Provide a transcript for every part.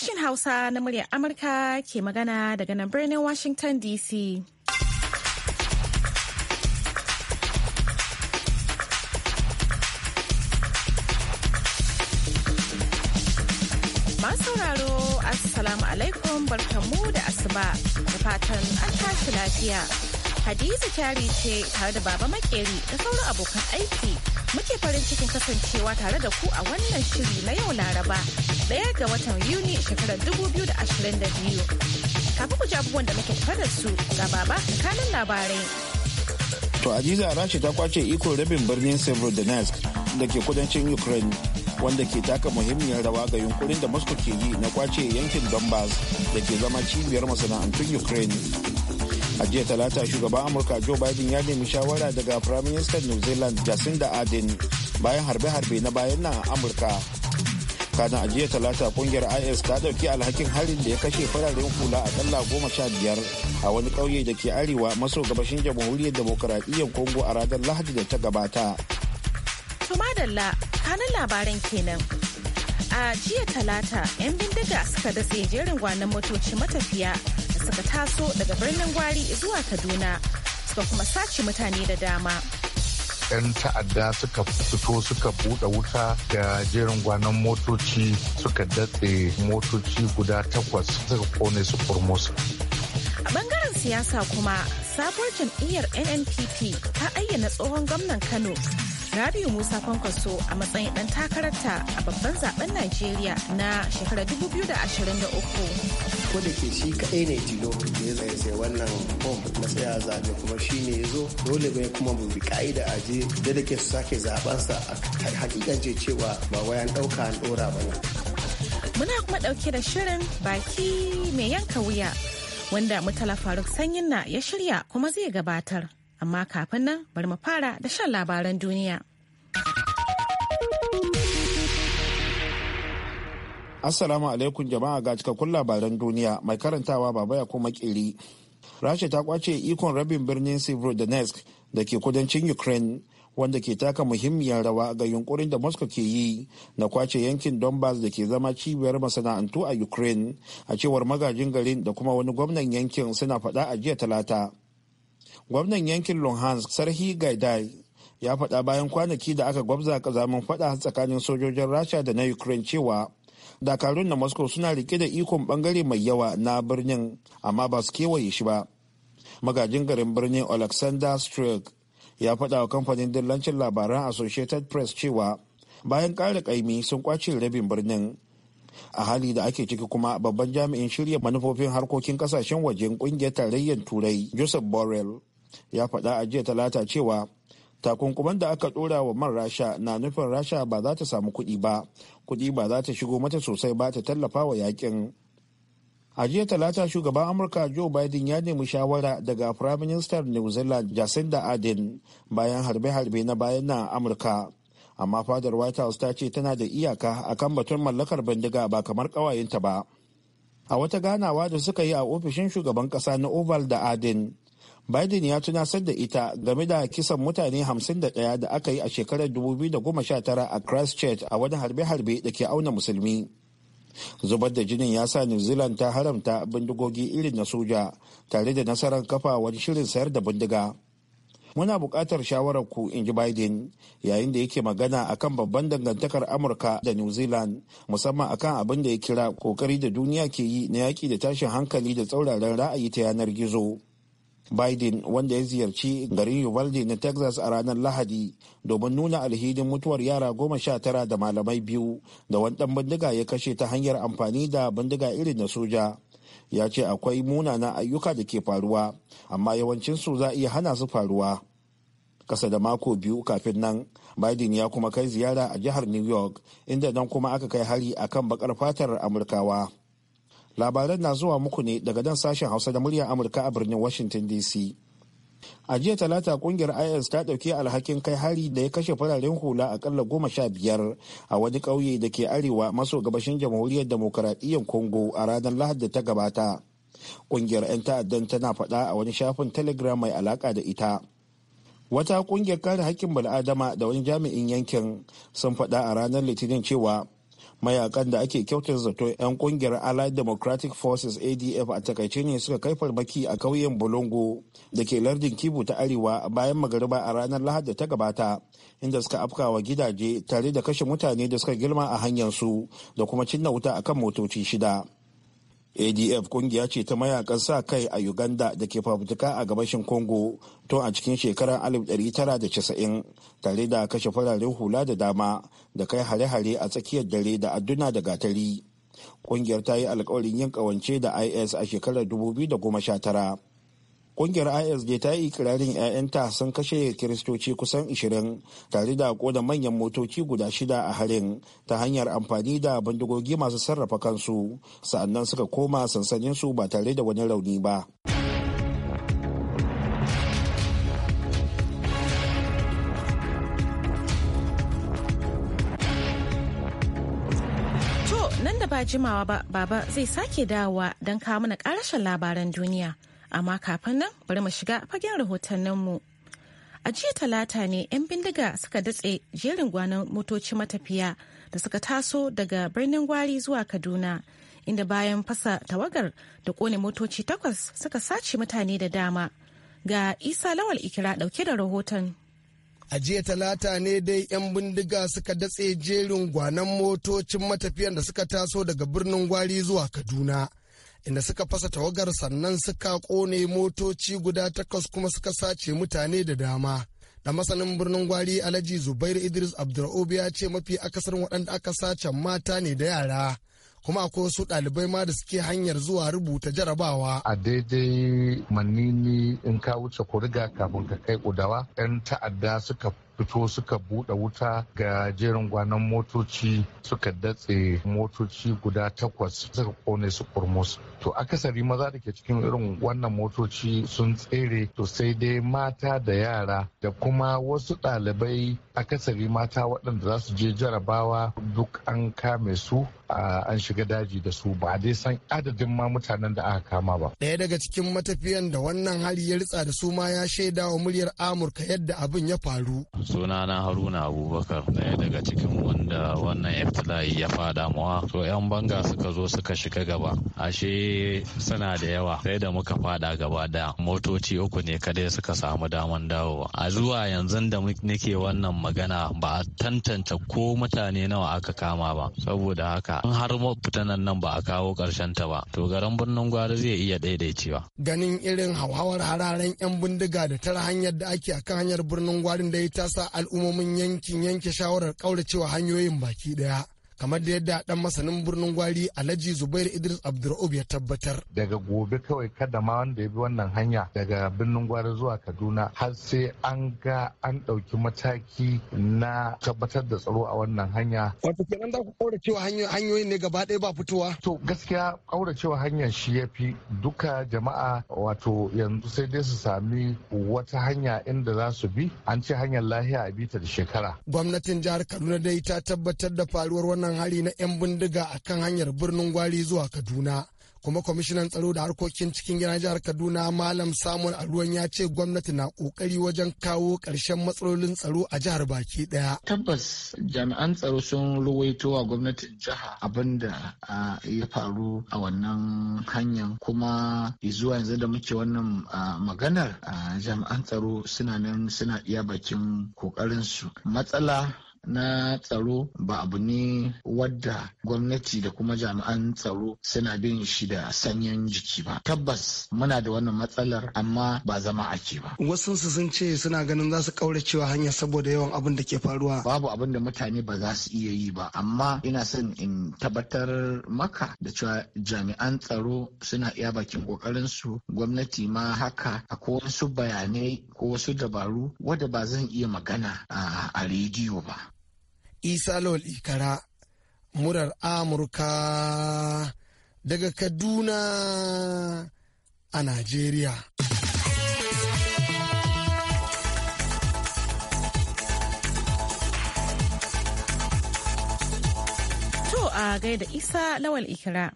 Sashen Hausa na muryar Amurka ke magana daga nan birnin Washington DC. sauraro assalamu alaikum barkamu da asuba da fatan an tashi lafiya hadiza kyari ce tare da baba makeri da sauran abokan aiki muke farin cikin kasancewa tare da ku a wannan shiri na yau laraba daya ga watan yuni shekarar 2022 kafin ku ji abubuwan da muke tafa da su ga baba kanin labarai to ajiza rashi ta kwace ikon rabin birnin severodonetsk da ke kudancin ukraine wanda ke taka muhimmiyar rawa ga yunkurin da moscow ke yi na kwace yankin donbass da ke zama cibiyar masana'antun ukraine a jiya talata shugaban amurka joe biden ya nemi shawara daga prime minister new zealand jacinda ardern bayan harbe-harbe na bayan nan a amurka kana a jiya talata kungiyar is ta dauki alhakin harin da ya kashe fararen hula akalla goma sha biyar a wani kauye da ke arewa maso gabashin jamhuriyar demokuraɗiyyar congo a ranar lahadi da ta gabata kanan labaran kenan a jiya talata 'yan bindiga suka datse jerin gwanon motoci matafiya suka taso daga birnin gwari zuwa kaduna suka kuma sace mutane da dama 'yan ta'adda suka fito suka buɗe wuta da jerin gwanon motoci suka datse motoci guda takwas suka kone su kurmusu. a bangaren siyasa kuma sabuwar jam'iyyar nnpp ta ayyana tsohon gwamnan kano Rabiu Musa Kwankwaso a matsayin ɗan takararta a babban zaben Najeriya na shekarar 2023. Ko ke shi kaɗai ne tilo da ya zai sai wannan bom na tsaya zaɓe kuma shi ne ya zo dole bai kuma mu bi ka'ida a je da da ke su sake zaɓensa a hakikance cewa ba wayan ɗauka an ɗora ba ne. Muna kuma ɗauke da shirin baki mai yanka wuya wanda Mutala Faruk sanyin na ya shirya kuma zai gabatar. amma kafin nan bari mu fara da shan labaran duniya. Assalamu alaikum jama'a ga cikakkun labaran duniya mai karantawa baba ya kuma kiri. Rasha ta kwace ikon rabin birnin Severodonetsk da ke kudancin Ukraine wanda ke taka muhimmiyar rawa ga yunkurin da Moscow ke yi na kwace yankin Donbass da ke zama cibiyar masana'antu a Ukraine a cewar magajin garin da kuma wani gwamnan yankin suna faɗa a jiya talata. gwamnan yankin longhans sarhi gaidai ya faɗa bayan kwanaki da aka gwabza kazamin faɗa tsakanin sojojin rasha da na ukraine cewa dakarun na moscow suna rike da ikon bangare mai yawa na birnin amma ba su kewaye shi ba magajin garin birnin alexander strug ya faɗa wa kamfanin dillancin labaran associated press cewa bayan ƙara ƙaimi sun kwace rabin birnin a hali da ake ciki kuma babban jami'in shirya manufofin harkokin kasashen wajen kungiyar tarayyar turai joseph borrell ya faɗa a jiya talata cewa takunkuman da aka ɗora wa man rasha na nufin rasha ba za ta samu kuɗi ba kuɗi ba za ta shigo mata sosai ba ta tallafa wa yakin a jiya talata shugaban amurka joe biden ya nemi shawara daga firaministan new zealand jacinda ardern bayan harbe-harbe na bayan na amurka amma fadar white house ta ce tana da iyaka akan batun mallakar bindiga ba kamar ƙawayenta ba a wata ganawa da suka yi a ofishin shugaban kasa na oval da arden. Biden ya tunasar da ita game da kisan mutane 51 da aka yi a shekarar 2019 a Christchurch a wani harbe-harbe da ke auna musulmi. Zubar da jinin ya sa New Zealand ta haramta bindigogi irin na soja tare da nasarar kafa wani shirin sayar da bindiga. Muna buƙatar shawarar ku in ji Biden yayin da yake magana akan babban dangantakar Amurka da New Zealand musamman akan abin da ya kira kokari da duniya ke yi na yaƙi da tashin hankali da tsauraran ra'ayi ta yanar gizo. Biden wanda ya ziyarci garin Uvalde na Texas a ranar Lahadi domin nuna alhidin mutuwar yara goma sha tara da malamai biyu da wani ɗan bindiga ya kashe ta hanyar amfani da bindiga irin na soja. Ya ce akwai munana ayyuka da ke faruwa, amma yawancinsu za a iya hana su faruwa. Kasa da mako biyu kafin nan, Biden ya kuma kai ziyara a jihar New York, inda nan kuma aka kai hari akan bakar fatar Amurkawa. labaran na zuwa muku ne daga nan sashen hausa da murya amurka a birnin washington dc a jiya talata kungiyar is ta ɗauki alhakin kai hari da ya kashe fararen hula akalla goma sha biyar a wani kauye da ke arewa maso gabashin jamhuriyar demokaradiyyar congo a ranar da ta gabata kungiyar 'yan ta'addan tana faɗa a wani shafin telegram mai alaka da ita wata kungiyar kare hakkin bal'adama da wani jami'in yankin sun faɗa a ranar litinin cewa mayakan da ake kyautar zato 'yan kungiyar allied democratic forces adf a takaice ne suka kai farmaki a kauyen bolongo da ke lardin kibu ta arewa bayan magariba a ranar lahad da ta gabata inda suka afkawa gidaje tare da kashe mutane da suka girma a hanyar su da kuma cinna wuta akan motoci shida adf kungiya ce ta mayakan sa kai a uganda da ke fafutuka a gabashin congo tun a cikin shekarar 1990 tare da kashe fararen hula da dama da kai hare-hare a tsakiyar dare da adduna da gatari kungiyar ta yi alkawarin yin kawance da is a shekarar 2019 Kungiyar ISG ta yi ikirarin 'ya'yanta sun kashe kiristoci kusan 20 tare da koda manyan motoci guda shida a harin ta hanyar amfani da bindigogi masu sarrafa kansu sa'annan suka koma sansaninsu ba tare da wani rauni ba. nan da ba jimawa ba baba zai sake dawowa don kawo mana karashin labaran duniya amma kafin nan bari mu shiga fagen rahotanninmu. A jiya talata ne 'yan bindiga suka datse jerin gwanon motoci matafiya da suka taso daga birnin gwari zuwa Kaduna, inda bayan fasa tawagar da kone motoci takwas suka sace mutane da dama. Ga Isa Lawal Ikira dauke da rahoton. A jiya talata ne dai 'yan bindiga suka datse jerin gwanan motocin matafiyan da suka taso daga birnin gwari zuwa Kaduna. inda suka fasa tawagar sannan suka kone motoci guda takwas kuma suka sace mutane da dama da masanin birnin gwari alhaji zubair idris abdur'obi ya ce mafi akasar waɗanda aka sace mata ne da yara kuma akwai wasu ɗalibai ma da suke hanyar zuwa rubuta jarabawa. A daidai manini in ka wuce kuriga kafin ka kai kudawa, 'yan ta'adda suka fito suka buɗe wuta ga jerin gwanon motoci suka datse motoci guda takwas suka kone su kurmus to akasari maza da ke cikin irin wannan motoci sun tsere to sai dai mata da yara da kuma wasu ɗalibai akasari mata waɗanda za su je jarabawa duk an kame su an shiga daji da su ba dai san adadin ma mutanen da aka kama ba. Ɗaya daga cikin matafiyan da wannan hali ya ritsa da su ma ya shaida wa muryar Amurka yadda abin ya faru. Sunana Haruna Abubakar ɗaya daga cikin wanda wannan iftila'i ya fada mawa. To 'yan banga suka zo suka shiga gaba. Ashe suna da yawa sai da muka fada gaba da motoci uku ne kadai suka samu daman dawowa a zuwa yanzu da nake wannan magana ba a tantance ko mutane nawa aka kama ba saboda haka in har fitanan nan ba a kawo karshen ta ba to garin birnin gwari zai iya daidaicewa ganin irin hauhawar hararen yan bindiga da tara hanyar da ake akan hanyar birnin gwari da ya sa al'ummomin yankin yanke shawarar kauracewa hanyoyin baki daya kamar da yadda dan masanin birnin gwari alhaji zubair idris abdurraub ya tabbatar daga gobe kawai kada ma wanda ya bi wannan hanya daga birnin gwari zuwa kaduna har sai an ga an ɗauki mataki na tabbatar da tsaro a wannan hanya wato kenan za ku cewa hanyoyin ne gaba ɗaya ba fitowa to gaskiya cewa hanyar shi ya fi duka jama'a wato yanzu sai dai su sami wata hanya inda za su bi an ce hanyar lahiya a bita da shekara gwamnatin jihar kaduna dai ta tabbatar da faruwar wannan wannan hari na 'yan bindiga a kan hanyar birnin gwari zuwa kaduna kuma kwamishinan tsaro da harkokin cikin gidan jihar kaduna malam samun aruwan ya ce gwamnati na kokari wajen kawo ƙarshen matsalolin tsaro a jihar baki daya tabbas jami'an tsaro sun ruwaito a gwamnatin jiha abinda ya faru a wannan hanyar kuma zuwa yanzu da muke wannan maganar jami'an tsaro suna nan suna iya bakin kokarin su matsala na tsaro ba abu ne wadda gwamnati da kuma jami'an tsaro suna bin shi da sanyin jiki ba tabbas muna da wannan matsalar amma ba zama ake ba wasu su sun ce suna ganin za su cewa hanya saboda yawan abin da ke faruwa babu abin da mutane ba za su iya yi ba amma ina son in tabbatar maka da cewa jami'an tsaro suna iya bakin kokarin su gwamnati ma haka akwai wasu bayanai ko wasu dabaru wadda ba zan iya magana a rediyo ba isa lawal ikara murar amurka daga kaduna a najeriya to a gaida isa lawal ikira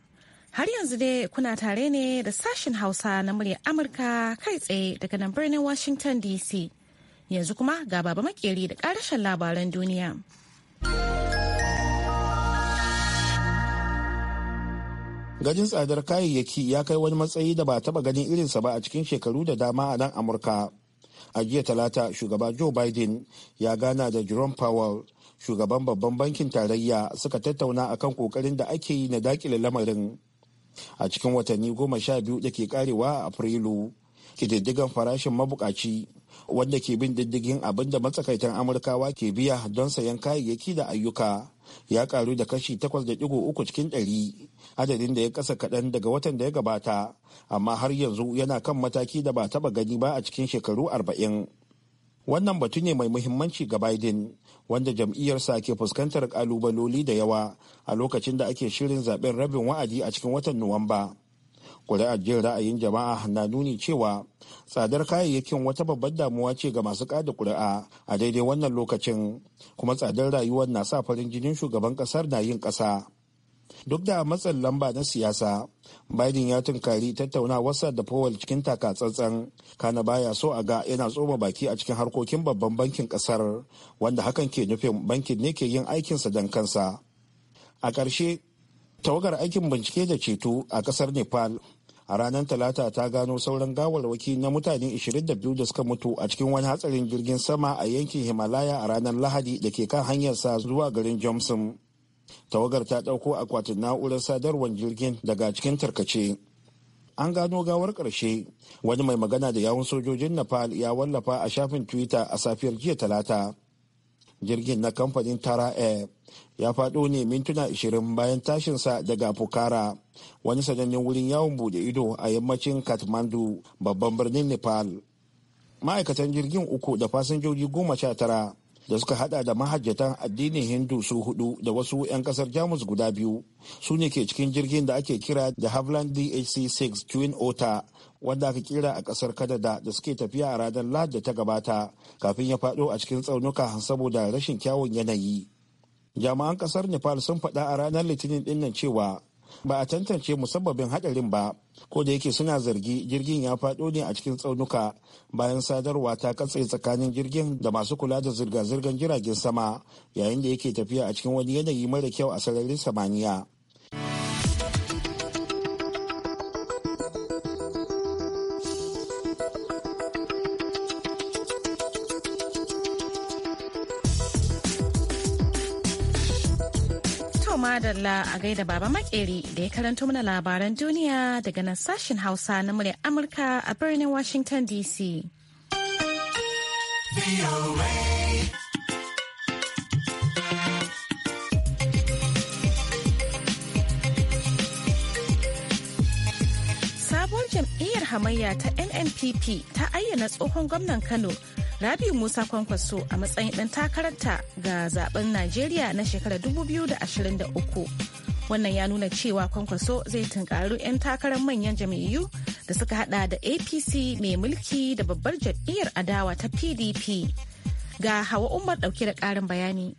Har yanzu dai kuna tare ne da sashen Hausa na murya Amurka kai tsaye daga nan birnin Washington DC. Yanzu kuma ga baba makeri da karashen labaran duniya. gajin tsadar kayayyaki ya kai wani matsayi da ba taba ganin irinsa ba a cikin shekaru da dama a nan Amurka. A jiya talata shugaba Joe Biden ya gana da Jerome Powell shugaban babban bankin tarayya suka tattauna akan kokarin da ake yi na dakile lamarin a cikin watanni goma sha biyu da ke karewa a afrilu kididdigan farashin mabukaci wanda ke bin diddigin abin da matsakaitan amurkawa ke biya don sayan kayayyaki da ayyuka ya karu da kashi 8.3 cikin 100 adadin da ya kasa kaɗan daga watan da ya gabata amma har yanzu yana kan mataki da ba taba gani ba a cikin shekaru 40 wannan batu ne mai muhimmanci ga biden wanda jam'iyyarsa ke fuskantar kalubaloli da yawa a lokacin da ake shirin zaben rabin wa'adi a cikin watan nuwamba kuri'ar jin ra'ayin jama'a na nuni cewa tsadar kayayyakin wata babbar damuwa ce ga masu kada ƙuri'a a daidai wannan lokacin kuma tsadar rayuwar na sa farin jinin shugaban kasar na yin kasa duk da matsin lamba na siyasa biden ya tunkari tattaunawarsa da powell cikin takatsantsan kana baya so a ga yana tsoma baki a cikin harkokin babban bankin kasar wanda hakan ke nufin bankin ne ke yin aikinsa dan kansa a ƙarshe tawagar aikin bincike da ceto a kasar nepal a ranar talata ta gano sauran gawarwaki na mutane 22 da suka mutu a cikin wani hatsarin jirgin sama a yankin himalaya a ranar lahadi da ke kan hanyar sa zuwa garin johnson tawagar ta ɗauko akwatin na'urar sadarwar jirgin daga cikin tarkace an gano gawar ƙarshe wani mai magana da yawun sojojin nepal ya wallafa a shafin twitter a safiyar jiya talata jirgin na kamfanin tara air ya faɗo ne mintuna 20 bayan tashinsa daga fukara wani sanannen wurin yawon bude ido a yammacin kathmandu babban birnin nepal ma'aikatan jirgin uku da fasinjoji goma sha tara da suka hada da mahajjatan addinin hindu su hudu da wasu 'yan kasar jamus guda biyu su ne ke cikin jirgin da ake kira da havland dhc 6 twin otter wanda aka kira a kasar kanada da suke tafiya a ranar Lahadi ta gabata kafin ya fado a cikin tsaunuka saboda rashin kyawun yanayi. Jami'an kasar Nepal sun faɗa a ranar Litinin ɗinnan cewa ba a tantance musabbabin hadarin ba ko da yake suna zargi jirgin ya fado ne a cikin tsaunuka bayan sadarwa ta katse tsakanin jirgin da masu kula da zirga-zirgar jiragen sama yayin da yake tafiya a cikin wani yanayi mara kyau a sararin samaniya madalla a gaida baba makeri da ya karanto mana labaran duniya daga nan sashen hausa na muryar amurka a birnin washington dc Sabon jam'iyyar hamayya ta nnpp ta ayyana tsohon gwamnan kano rabi Musa Kwankwaso a matsayin ɗan takararta ga zaben Najeriya na shekarar 2023. Wannan ya nuna cewa Kwankwaso zai tunkaru 'yan takarar manyan jam'iyyu da suka hada da APC mai mulki da babbar jam'iyyar adawa ta PDP. Ga Hawa Umar ɗauke da ƙarin bayani.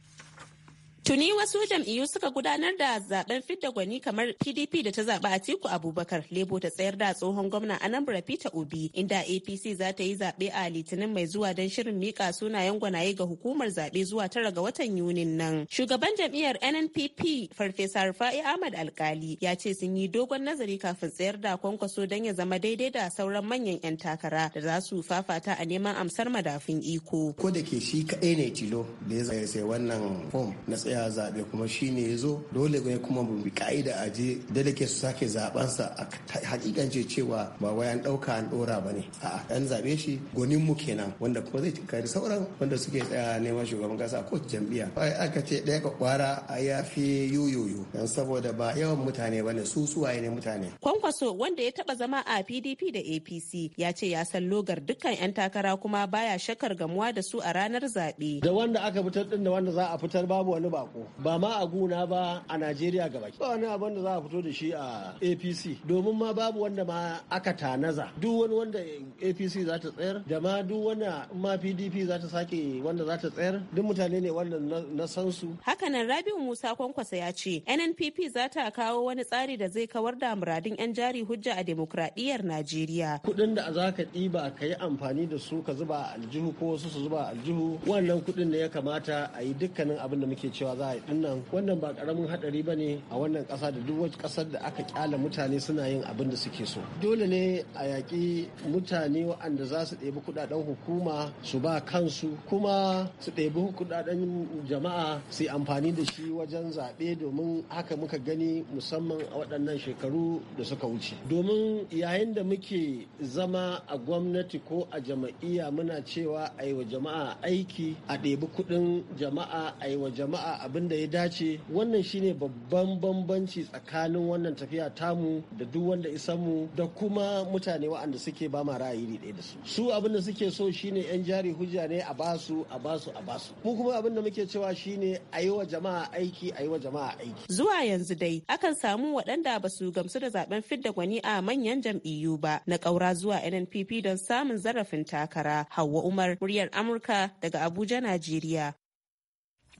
Tuni wasu jam'iyyu suka gudanar da zaben fidda gwani kamar PDP da ta zaɓi Atiku Abubakar Lebo ta tsayar da tsohon gwamna Anambra Peter Obi inda APC za ta yi zaɓe a Litinin mai zuwa don shirin mika sunayen gwanaye ga hukumar zaɓe zuwa tara ga watan Yunin nan. Shugaban jam'iyyar NNPP Farfesa Rufa'i Ahmad Alkali ya ce sun yi dogon nazari kafin tsayar da kwankwaso don ya zama daidai da sauran manyan 'yan takara da za su fafata a neman amsar madafin iko. Ko da ke shi kaɗai ne tilo da ya sai wannan fom na tsayar ya zaɓe kuma shi ne ya zo dole ne kuma mu bi ka'ida a je ke su sake zaɓensa a hakikance cewa ba wai an ɗauka an ɗora ba ne a an zaɓe shi gonin mu kenan wanda kuma zai kari sauran wanda suke tsaya neman shugaban kasa ko jam'iyya ai aka ce ɗaya ka kwara a ya fi yoyoyo dan saboda ba yawan mutane bane su suwaye ne mutane kwankwaso wanda ya taɓa zama a PDP da APC ya ce ya san logar dukkan yan takara kuma baya shakar gamuwa da su a ranar zaɓe da wanda aka fitar din da wanda za a fitar babu wani ba sako ba ma a guna ba a najeriya gaba ba wani abin da za a fito da shi a apc domin ma babu wanda ma aka tanaza duk wani wanda apc za ta tsayar da ma duk wanda ma pdp za ta sake wanda za ta tsayar duk mutane ne wanda na san su hakanan rabiu musa kwankwasa ya ce nnpp za ta kawo wani tsari da zai kawar da muradin yan jari hujja a demokradiyyar najeriya kuɗin da za ka ɗiba ka yi amfani da su ka zuba aljihu ko wasu su zuba aljihu wannan kuɗin ne ya kamata a yi dukkanin abin da muke cewa za a yi dinnan wannan ba karamin hadari ba ne a wannan kasa da duk wata kasar da aka kyala mutane suna yin abin da suke so dole ne a yaƙi mutane waɗanda za su ɗebi kuɗaɗen hukuma su ba kansu kuma su ɗebi kuɗaɗen jama'a su yi amfani da shi wajen zaɓe domin haka muka gani musamman a waɗannan shekaru da suka wuce domin yayin da muke zama a gwamnati ko a jama'iyya muna cewa a yi wa jama'a aiki a ɗebi kuɗin jama'a a yi wa jama'a abin da ya dace wannan shine babban bambanci tsakanin wannan tafiya tamu da duk wanda mu da kuma mutane waɗanda suke ba ma ra'ayi ɗaya da su su abin da suke so shine yan jari hujja ne a basu a basu a basu mu kuma abin da muke cewa shine a yi wa jama'a aiki a yi wa jama'a aiki zuwa yanzu dai akan samu waɗanda ba su gamsu da zaben fidda gwani a manyan jam'iyyu ba na ƙaura zuwa NNPP don samun zarafin takara Hauwa Umar muryar Amurka daga Abuja Najeriya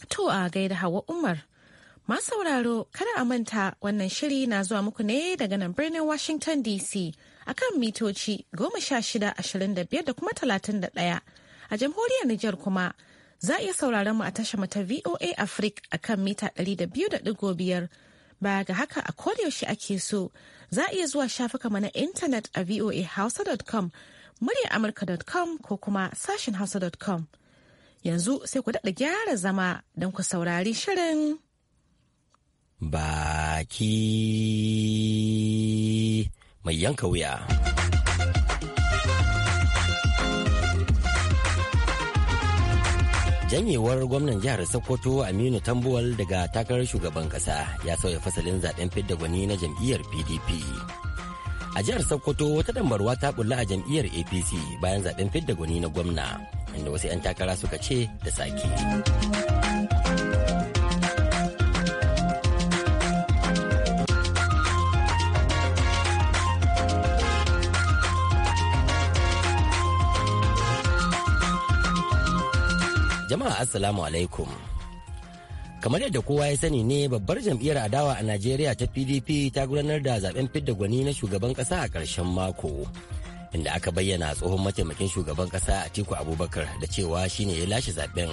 To a gaida Hawa Umar. Ma sauraro kada a manta wannan shiri na zuwa muku ne daga nan birnin Washington DC akan mitoci goma sha shida ashirin da biyar da kuma talatin ɗaya. A jamhuriyar Nijar kuma za a iya sauraron mu a tashar mata VOA Africa kan mita ɗari da biyu da Baya ga haka a yaushe ake so za iya zuwa shafuka mana intanet a voahausa.com, murya amurka.com ko kuma sashin hausa.com. yanzu sai ku daɗa gyara zama don ku saurari shirin baki mai yanka wuya. janyewar gwamnan jihar sokoto aminu tambuwal daga takarar shugaban kasa ya sauya fasalin zaben fidda gwani na jam'iyyar pdp a jihar sokoto wata dambarwa ta bulla a jam'iyyar apc bayan zaben fidda gwani na gwamna inda wasu 'yan takara suka ce da sake jama'a assalamu alaikum kamar yadda kowa ya sani ne babbar jam'iyyar adawa a najeriya ta pdp ta gudanar da zaben fidda gwani na shugaban kasa a karshen mako inda aka bayyana tsohon mataimakin shugaban kasa atiku abubakar da cewa shine ya lashe zaben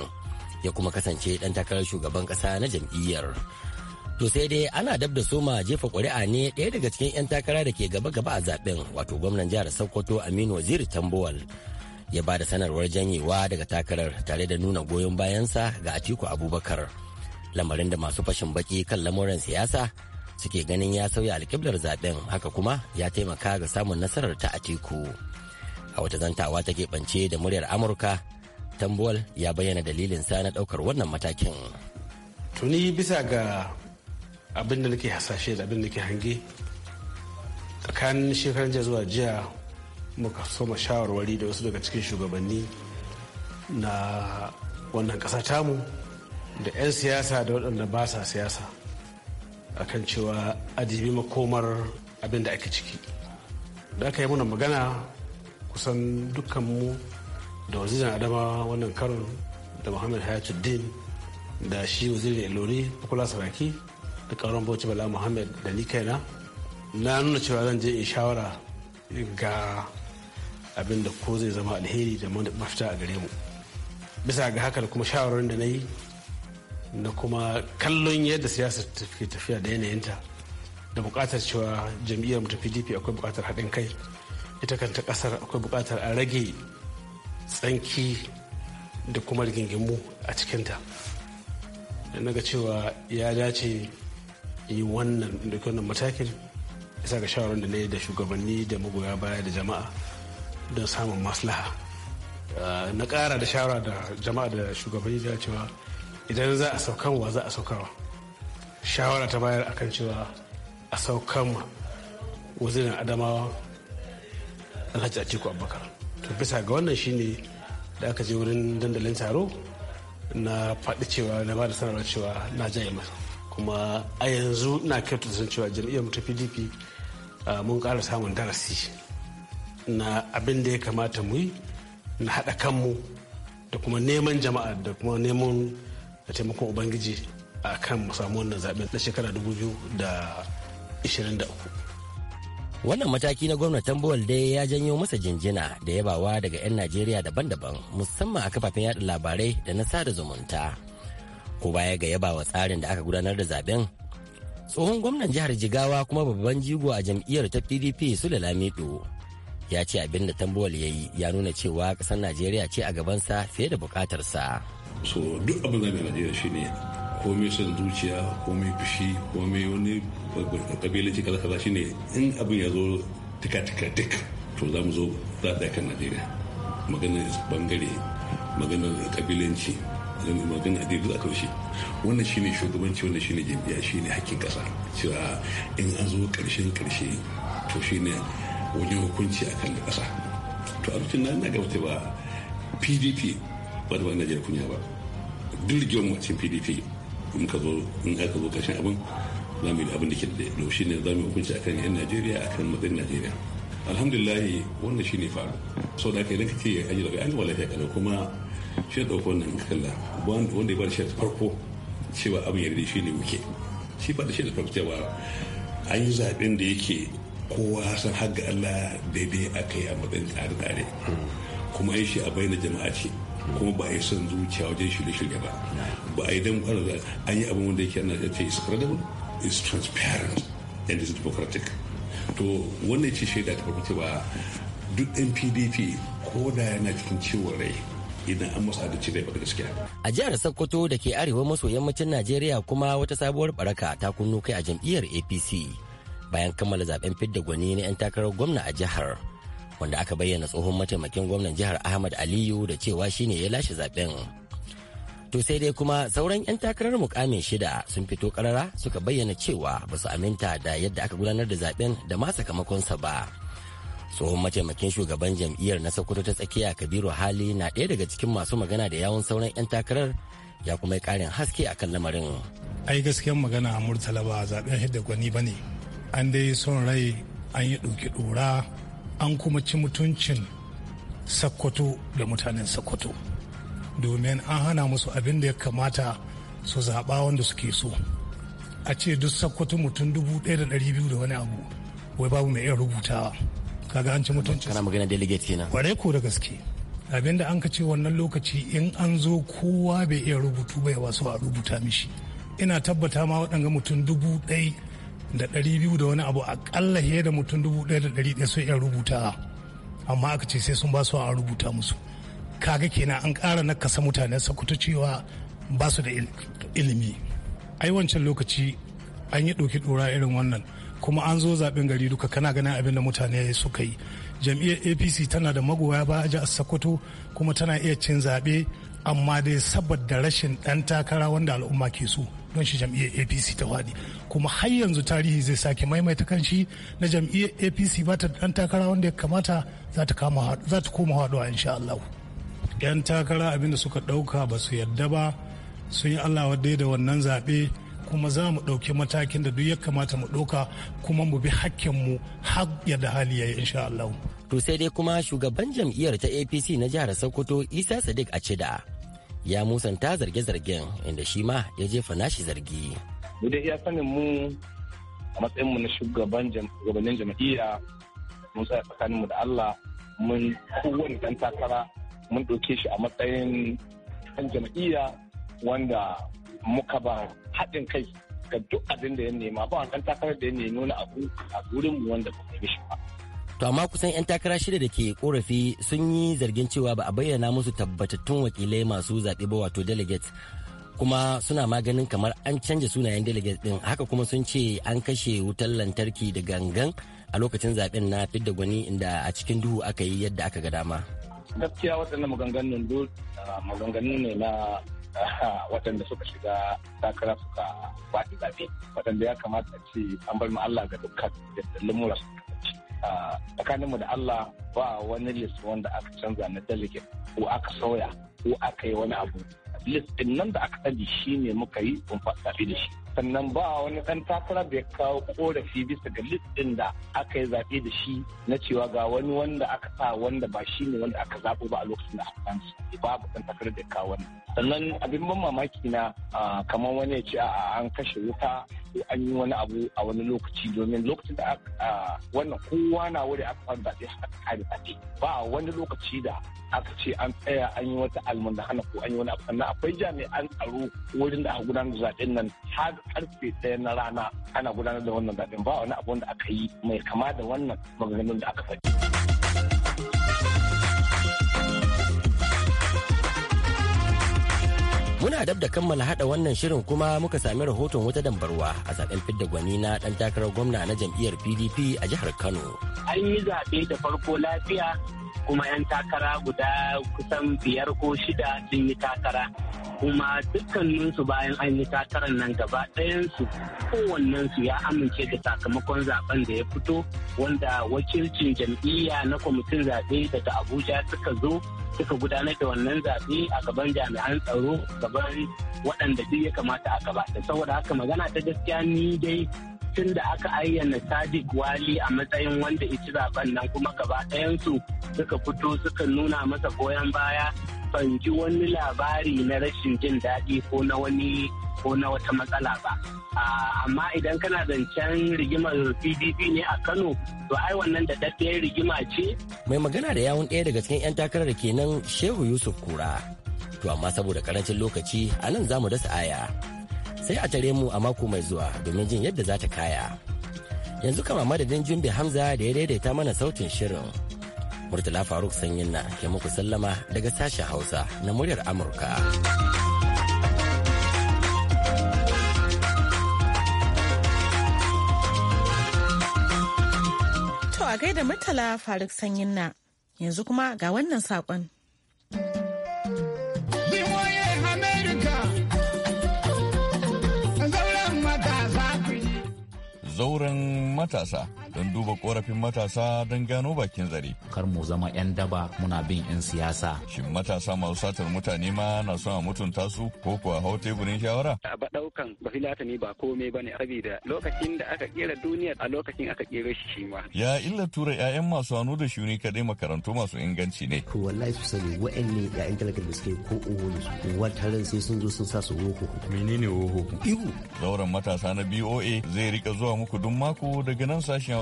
ya kuma kasance dan takarar shugaban kasa na jam'iyyar to sai dai ana dab da soma jefa ƙuri'a ne ɗaya daga cikin 'yan takara da ke gaba-gaba a zaben wato gwamnan jihar sokoto aminu waziri tambuwal ya ba da sanarwar janyewa daga takarar tare da nuna goyon bayansa ga atiku abubakar lamarin da masu fashin baki kan lamuran siyasa suke ganin ya sauya alkiblar zaben haka kuma ya taimaka ga samun nasarar ta a teku a wata zantawa ta keɓance da muryar amurka tambuwal ya bayyana dalilin sa na ɗaukar wannan matakin tuni bisa ga abin da nake hasashe da abin da ke hange tsakanin shekaran jiya zuwa jiya muka soma shawarwari da wasu daga cikin shugabanni na wannan ƙasa tamu da 'yan siyasa da waɗanda ba sa siyasa a kan cewa adibi makomar abin da ake ciki da aka yi muna magana kusan dukkanmu da wazirin adama wannan karon da muhammad Din da shi wazirin ilori kula saraki da karon bauchi bala muhammad da ni kaina na nuna cewa zan je in shawara ga abin da ko zai zama alheri da mafita a gare mu bisa ga haka da kuma shawarar da na yi da kuma kallon yadda siyasar ke tafiya da yanayinta da bukatar cewa jam'iyyar mu ta pdp akwai bukatar haɗin kai ita kanta ƙasar akwai bukatar a rage tsanki da kuma rigingimu a cikinta na ga cewa ya dace yi wannan ke wannan matakin isa ga shawarar da na yi da shugabanni da magoya baya da jama'a don samun maslaha ah, na ƙara da shawara da jama'a da shugabanni da cewa idan za a wa za a saukawa shawara ta bayar akan cewa a saukarwa wazirin adamawa alhaji atiku abubakar to bisa ga wannan shine da aka je wurin dandalin taro na faɗi cewa na ba da sanarwar cewa na jaye masa kuma a yanzu na kyautu da cewa jam'iyyar mutu pdp ah, mun ƙara samun darasi na abin da ya kamata mu yi na haɗa kanmu da kuma neman jama'a da kuma neman da taimakon ubangiji a kan samu wannan zaɓen na shekara 2023 wannan mataki na gwamnatin buwal dai ya janyo masa jinjina da yabawa daga 'yan najeriya daban-daban musamman a kafafen yaɗa labarai da na sada zumunta ko baya ga yabawa tsarin da aka gudanar da zaben tsohon gwamnan jihar jigawa kuma babban jigo a jam'iyyar ta pdp sule lamido ya ce abin da tambuwal ya yi ya nuna cewa ƙasar najeriya ce a gabansa fiye da bukatarsa. so duk abin zai mai najeriya shine komai son zuciya komai fushi komai wani kabilanci kaza kaza shine in abin ya zo tika tika tik to za mu zo za da kan najeriya maganar bangare maganar kabilanci maganar daidai za shi wannan shine shugabanci wannan shine jam'iyya shine hakkin kasa cewa in an zo karshen karshe to shine wani hukunci kan kasa to a lokacin na ga wata ba pdp ba da wani najeriya kunya ba duk wacin mu pdp in ka zo in aka zo kashin abin za mu yi abin da ke da shi ne za mu hukunci akan yan najeriya akan matsayin najeriya alhamdulillahi wannan ne faru sau da aka yi ka ce ya kaji daga an walafiya kada kuma shi da ɗauko wannan kalla wanda ya ba da shi farko cewa abin yarda shi ne muke shi ba da shi da farko cewa an yi zaɓen da yake kowa san har ga Allah daidai aka yi a matsayin tsare-tsare kuma yi shi a bayyana jama'a ce kuma ba a yi son zuciya wajen shirye-shirye ba ba a yi don kwanar an yi abin wanda yake ana da ce is credible is transparent and is democratic to wannan ce shaida ta farko ba duk ɗan pdp ko da yana cikin ciwon rai idan an masa adalci zai faɗi gaskiya. A jihar Sokoto da ke arewa maso yammacin Najeriya kuma wata sabuwar baraka ta kunnu kai a jam'iyyar APC bayan kammala zaben fidda gwani na 'yan takarar gwamna a jihar. wanda aka bayyana tsohon mataimakin gwamnan jihar ahmad aliyu da cewa shine ya lashe zaben to sai dai kuma sauran 'yan takarar mukamin shida sun fito karara suka bayyana cewa ba su aminta da yadda aka gudanar da zaben da ma sakamakonsa ba tsohon mataimakin shugaban jam'iyyar na sokoto ta tsakiya kabiru hali na ɗaya daga cikin masu magana da yawon sauran 'yan takarar ya kuma yi ƙarin haske akan lamarin ai gaskiyar magana a murtala ba zaben hidda gwani ba ne an dai son rai an yi ɗauki ɗora an kuma ci mutuncin sakkwato da mutanen sakkwato domin an hana musu abin da ya kamata su zaɓa wanda suke so a ce duk sakkwato mutum dubu ɗaya da ɗari biyu da wani abu wai babu mai iya rubutawa kaga an ci mutuncin kana magana delegate kenan Ware ko da gaske abin da an ka ce wannan lokaci in an zo kowa bai iya rubutu bai wasu a rubuta mishi ina tabbata ma waɗanga mutum dubu ɗaya da ɗari biyu da wani abu aƙalla fiye da mutum dubu ɗaya da ɗari ɗaya sun iya rubuta amma aka ce sai sun ba su a rubuta musu kaga kenan an ƙara nakasa mutane sakuta cewa ba su da ilimi ai wancan lokaci an yi ɗauki ɗora irin wannan kuma an zo zaɓen gari duka kana ganin abin da mutane suka yi jam'iyyar apc tana da magoya ba a Sakoto kuma tana iya cin zaɓe amma dai saboda rashin ɗan takara wanda al'umma ke so don shi jam'iyyar apc ta faɗi kuma har yanzu tarihi zai sake maimaita kan na jam'iyyar apc ba ta dan takara wanda ya kamata za ta koma haɗuwa insha allah yan takara abinda suka ɗauka ba su yadda ba sun yi allah wadda da wannan zaɓe kuma za mu ɗauki matakin da duk ya kamata mu ɗauka kuma mu bi hakkinmu har yadda hali ya yi insha allah to sai dai kuma shugaban jam'iyyar ta apc na jihar sokoto isa sadiq a cida ya musanta zarge-zargen inda shi ma ya jefa nashi zargi. Mu dai iya sanin mu a matsayin mu na shugaban gabanin jam'iyya mun tsaya tsakanin mu da Allah mun kowane dan takara mun ɗauke shi a matsayin dan jam'iyya wanda muka ba haɗin kai ga duk abin da ya nema ba wani dan takarar da ya nuna abu a gurin mu wanda ba mu shi ba. to amma kusan 'yan takara shida da ke korafi sun yi zargin cewa ba a bayyana musu tabbatattun wakilai masu zaɓe ba wato delegates kuma suna maganin kamar an canja sunayen delegates ɗin haka kuma sun ce an kashe wutar lantarki da gangan a lokacin zaɓen na fidda gwani inda a cikin duhu aka yi yadda aka ga dama gaskiya waɗannan maganganun duk ah, maganganu ne na ah, waɗanda suka shiga takara suka faɗi zaɓe waɗanda ya kamata ce an bar mu Allah ga dukkan da lamura tsakaninmu da Allah ba wani list wanda aka canza na delegate ko aka sauya ko aka yi wani abu list din nan da aka ɗaji shi ne muka yi kun faɗaɗe da shi sannan ba wani ɗan takara da ya kawo korafi bisa ga ɗin da aka yi zaɓe da shi na cewa ga wani wanda aka sa wanda ba shi ne wanda aka zaɓo ba a lokacin da aka su babu ɗan takara da ya kawo wani sannan abin ban mamaki na kamar wani ya ce a an kashe wuta ko an yi wani abu a wani lokaci domin lokacin da aka wannan kowa na wuri aka fara zaɓe aka kare zaɓe ba wani lokaci da aka ce an tsaya an yi wata almundahana ko an yi wani abu sannan akwai jami'an tsaro wurin da aka gudanar da zaɓen nan har karfe ɗaya na rana ana gudanar da wannan zaɓen ba wani abun da aka yi mai kama da wannan maganganun da aka faɗi. Muna dab da kammala hada wannan shirin kuma muka sami rahoton wata dambarwa a zaɓen fidda gwani na ɗan takarar gwamna na jam'iyyar PDP a jihar Kano. An yi zaɓe da farko lafiya kuma 'yan takara guda kusan biyar ko shida sun yi takara kuma dukkaninsu bayan an yi takarar nan gaba ɗayansu kowannensu ya amince da sakamakon zaben da ya fito wanda wakilcin jam'iyya na kwamitin zaɓe daga abuja suka zo suka gudanar da wannan zaɓe a gaban jami'an tsaro gaban waɗanda duk ya kamata a gabata saboda haka magana ta gaskiya ni dai tun da aka ayyana sadiq wali a matsayin wanda ci zaben nan kuma gaba ɗayansu suka fito suka nuna masa goyon baya ban ji wani labari na rashin jin daɗi ko na wani ko na wata matsala ba amma idan kana zancen rigimar pdp ne a kano to ai wannan da daddiyar rigima ce mai magana da yawun ɗaya daga cikin 'yan takarar kenan shehu yusuf kura to amma saboda karancin lokaci a nan za mu dasa aya sai a tare mu a mako mai zuwa domin jin yadda za ta kaya yanzu kama madadin jumbe hamza da ya daidaita mana sautin shirin murtala faruk sanyin na ke muku sallama daga sashen hausa na muryar amurka to a gaida murtala faruk sanyin na yanzu kuma ga wannan saƙon zauren matasa don duba korafin matasa don gano bakin zare. Kar mu zama 'yan daba muna bin 'yan siyasa. Shin matasa masu satar mutane ma na son a mutunta su ko kuwa hau teburin shawara? A ba ɗaukan ba filata ne ba komai ba ne saboda lokacin da aka kera duniya a lokacin aka kera shi shi ma. Ya illa tura 'ya'yan masu hannu da shuni kadai makarantu masu inganci ne. Ko wallahi su sani wa'anne 'ya'yan talakar da suke ko uwa da su ran sai sun zo sun sa su woho. Menene woho? Ihu. Zauren matasa na BOA zai rika zuwa muku duk mako daga nan sashen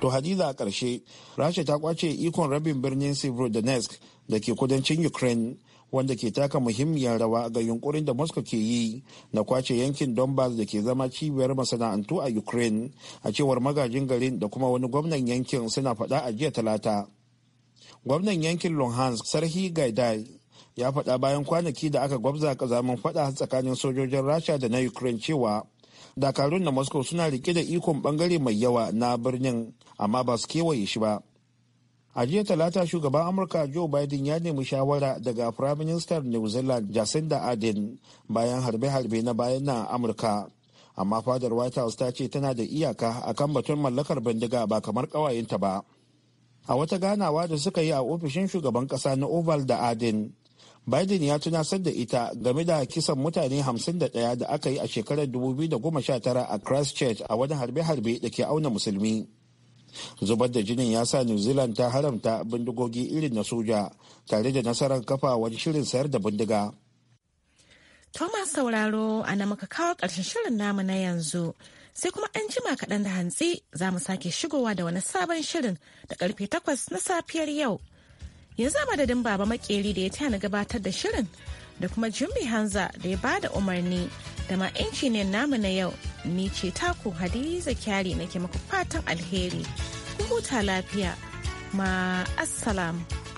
To Hadiza a ƙarshe, Rasha ta kwace ikon rabin birnin Severodonetsk da ke kudancin Ukraine wanda ke taka muhimmiyar rawa ga yunkurin da Moscow ke yi na kwace yankin Donbass da ke zama cibiyar masana'antu a Ukraine a cewar magajin garin da kuma wani gwamnan yankin suna faɗa a jiya talata. Gwamnan yankin Luhansk Sarhi Gaidai ya faɗa bayan kwanaki da aka gwabza kazamin faɗa tsakanin sojojin Rasha da na Ukraine cewa dakarun na moscow suna rike da ikon bangare mai yawa na birnin amma ba su kewaye shi ba a jiya talata shugaban amurka joe biden ya nemi shawara daga firaministan new zealand jacinda ardern bayan harbe-harbe na bayan na amurka amma fadar white house ta ce tana da iyaka a kan batun mallakar bindiga ba kamar kawayenta ba a wata ganawa da suka yi a ofishin shugaban kasa na oval da ardern biden ya tunasar da ita game da kisan mutane 51 da aka yi a shekarar 2019 a christchurch a wani harbe-harbe da ke auna musulmi zubar da jinin ya sa new zealand ta haramta bindigogi irin na soja tare da nasarar kafa wani shirin sayar da bindiga thomas sauraro a maka kawo ƙarshen shirin namu na yanzu sai kuma an jima kaɗan da hantsi za mu sake shigowa da wani sabon shirin da karfe takwas na safiyar yau yanzu a madadin baba makeri da ya tana gabatar da shirin da kuma jumbi hanza da ya bada umarni da ma injiniyan namu na yau ni ce taku hadiza kyari nake muku fatan alheri kuma huta lafiya ma assalamu